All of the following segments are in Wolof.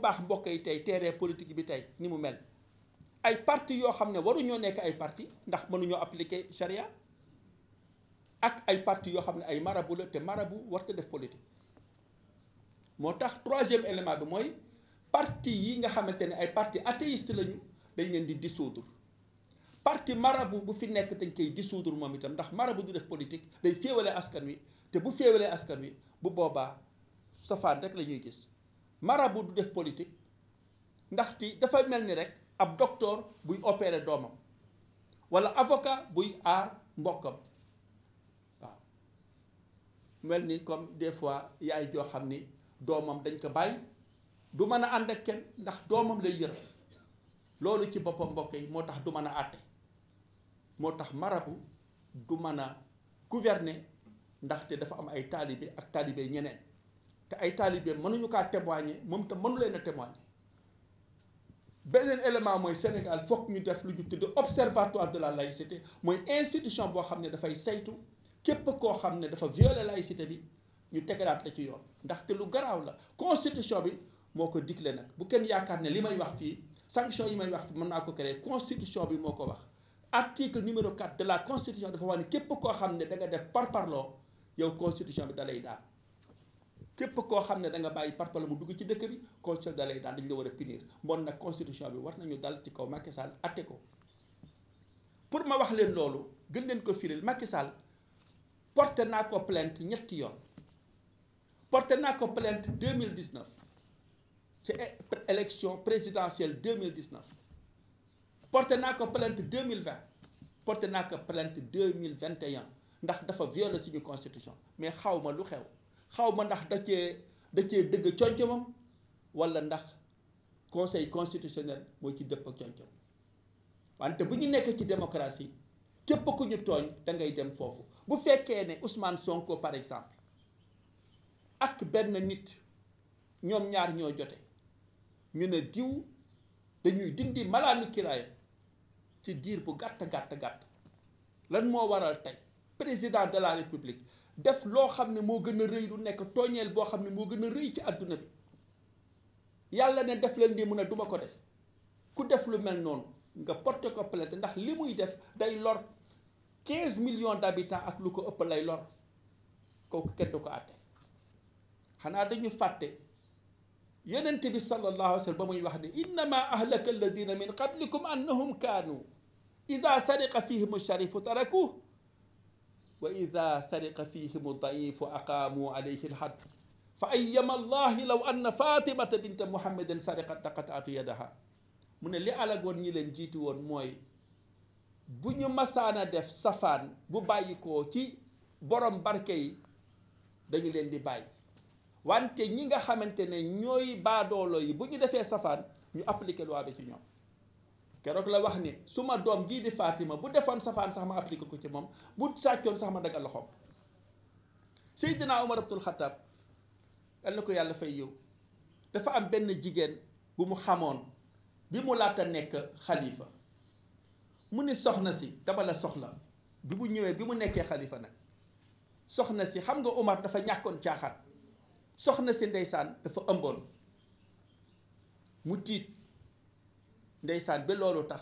baax mbokk yi tey terrain politique bi tey ni mu mel ay parti yoo xam ne waruñoo nekk ay parti ndax mënuñoo appliquer charia ak ay parti yoo xam ne ay marabu la te marabu warta def politique moo tax troisième élément bi mooy parti yi nga xamante ne ay parti athéiste lañu dañ leen di dissoudre parti marabu bu fi nekk dañ koy dissoudre moom itam ndax marabu du def politique day féewalee askan wi te bu féewalee askan wi bu boobaa safaan rek la ñuy gis marabu du def politique ndaxte dafa mel ni rek ab docteur buy opérer doomam walla avocat buy aar mbokkam waaw mel ni comme des fois yaay joo xam ni doomam dañ ko bàyyi du mën a ànd ak kenn ndax doomam lay yërëm loolu ci boppam mbokk yi moo tax du mën a àtte moo tax marabu du mën a gouverner ndaxte dafa am ay taalibe ak taalibe ñeneen te ay taalibe mënuñu kaa témoigner moom te mënu leen a témoigner beneen élément mooy Sénégal foog ñu def lu ñu tudd observatoire de la laïcité mooy institution boo xam ne dafay saytu képp koo xam ne dafa violer laïcité bi ñu tegalaat la ci yoon ndaxte lu garaaw la constitution bi moo ko digle nag bu kenn yaakaar ne li may wax fii sanction yi may wax fii mën naa ko créer constitution bi moo ko wax article numéro 4 de la constitution dafa wax képp koo xam ne da nga def parparloo yow constitution bi da lay daal képp koo xam ne da nga bàyyi parpala mu dugg ci dëkk bi conseil da lay daal dañ la war a punir mbon nag constitution bi war nañu dal ci kaw Macky Sall atte ko pour ma wax leen loolu gën leen ko firil Macky Sall porté naa ko plainte ñetti yoon porté naa ko plainte 2019 ci élection présidentielle 2019 porté naa ko plainte 2020 porté naa ko plainte 2021 ndax dafa violé suñu constitution mais xaw ma lu xew xaw ma ndax da cee da cee dëgg concomam wala ndax conseil constitutionnel mooy ci dëpp ak wante bu ñu nekk ci démocratie képp ku ñu tooñ da ngay dem foofu bu fekkee ne Ousmane Sonko par exemple ak benn nit ñoom ñaar ñoo jote ñu ne diw dañuy dindi malaanu kiraaya ci diir bu gàtt gàtt gàtt lan moo waral tey président de la république def loo xam ne moo gën a rëy lu nekk tooñeel boo xam ne moo gën a rëy ci àdduna bi yàlla ne def leen di mun a duma ko def ku def lu mel noonu nga porté ko plainte ndax li muy def day lor quinze millions d'habitants ak lu ko ëpp lay lor kooku kenn ko àtte xanaa dañu fàtte yonent bi sallallahu alayhi wa sallam ba muy wax ne innama ahlaka alladina min qablikum annahum kaanu ida sariqa fihim sharifu tarakuh wa ida sariqa fihimu daifu aqaamu alayhi lhadd fa ayyama allahi law anna fatimata binta muhammadin sariqat taqataatu yadaha mu ne li alagoon ñi leen jiitu woon mooy bu ñu masaana def safaan bu bàyyi ko ci borom barke yi dañu leen di bàyyi wante ñi nga xamante ne ñooy baadoolo yi bu ñu defee safaan ñu appliqué loi ci ñoom keroog la wax ni su ma doom jii di Fatima bu defoon safaan sax ma appliqué ko ci moom bu sàccoon sax ma dagal loxoom si Omar Abdul Xataab yal na ko yàlla fay yow dafa am benn jigéen bu xamoon bi mu laata nekk xalifa mu ne soxna si dama la soxla bi mu ñëwee bi mu nekkee xalifa nag soxna si xam nga Omar dafa ñàkkoon caaxat soxna si ndeysaan dafa ëmboon mu tiit ndeysaan bi loolu tax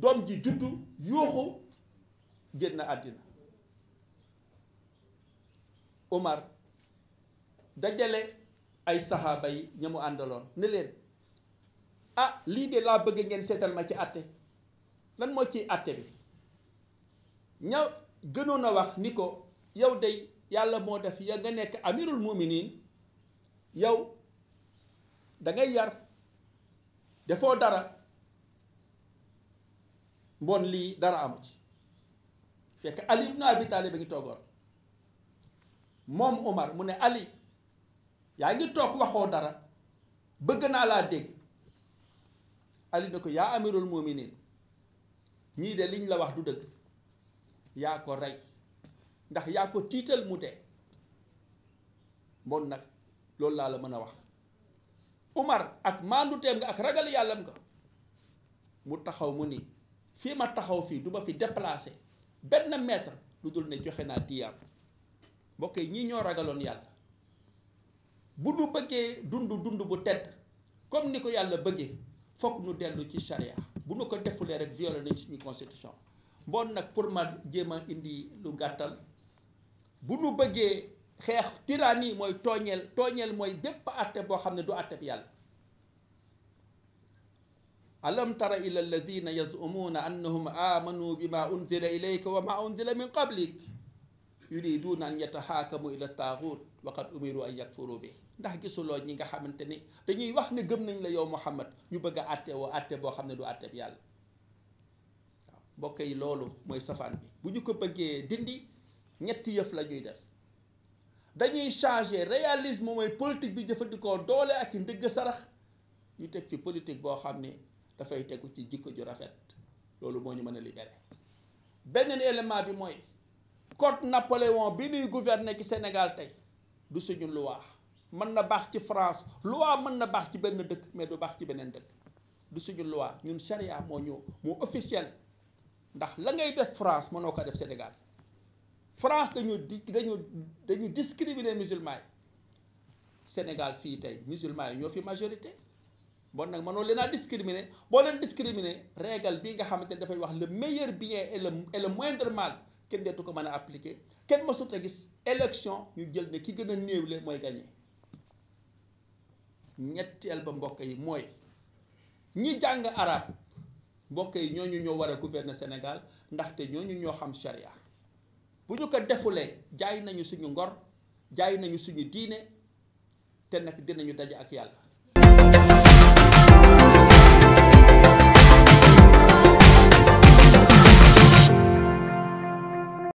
doom ji juddu yuuxu génn àddina Omar dajale ay saxaaba yi ña mu àndaloon ne leen ah lii de laa bëgg ngeen seetal ma ci àtte lan moo ciy àtte bi ña gënoon a wax ni ko yow day yàlla moo def ya nga nekk amirul muminin yow dangay ngay yar defoo dara mbon lii dara amu ci fekk Ali ibn Abi Talib ba ngi toogoon moom Omar mu ne Ali yaa ngi toog waxoo dara bëgg naa laa dégg Ali ne ko yaa amirul muminin ñii de liñ la wax du dëgg yaa ko rey ndax yaa ko tiital mu dee mbon nag loolu laa la mën a wax Umar ak maandu teem nga ak ragal yàllam nga mu taxaw mu ni fii ma taxaw fii du ma fi déplacé benn mètre lu dul ne joxe naa diyaam mbokk yi ñii ñoo ragaloon yàlla bu nu bëggee dund dund bu tedd comme ni ko yàlla bëggee fokk nu dellu ci charia bu nu ko defulee rek violé nañ suñu constitution mboon nag pour ma jéem a indi lu gàttal bu nu bëggee xeex tyrannie mooy tooñeel tooñeel mooy bépp àtte boo xam ne du àtte bi yàlla alam tara ila alladina yazumuuna annahum amanu bima unzila ilayka wa ma unzila ila taaxuut waqad umiru bi ndax gisuloo ñi nga xamante ni dañuy wax ne gëm nañ la yow Muhammad ñu bëgg a àtte boo xam ne du àtte bi yi loolu mooy safaan bi bu ñu ko bëggee dindi ñetti yëf la ñuy def dañuy changer réalisme mooy politique bi jëfandikoo doole ak i ndëgg sarax ñu teg fi politique boo xam ni dafay tegu ci jikko ju rafet loolu moo ñu mën a libéré beneen élément bi mooy code Napoléon bi nuy gouverner ci Sénégal tey du suñu loi mën na baax ci France loi mën na baax ci benn dëkk mais du baax ci beneen dëkk du suñu loi ñun charia moo ñu mu officiel ndax la ngay def France mënoo ko def Sénégal France dañoo di dañoo dañu discriminer musulman yi Sénégal fii tey musulman yi ñoo fi majorité bon nag mënoo leen a discriminer boo leen discriminer régle bii nga xamante ne dafay wax le meilleur bien et le et le moindre mal kenn deetu ko mën a appliquer kenn mësut a gis élection ñu jël ne ki gën a néewle mooy gagné ñetteel ba mbokk yi mooy ñi jàng arab mbokk yi ñooñu ñoo war a gouverner Sénégal ndaxte ñooñu ñoo xam charia bu ñu ko defulee jaay nañu suñu ngor jaay nañu suñu diine te nag dinañu daje ak yàlla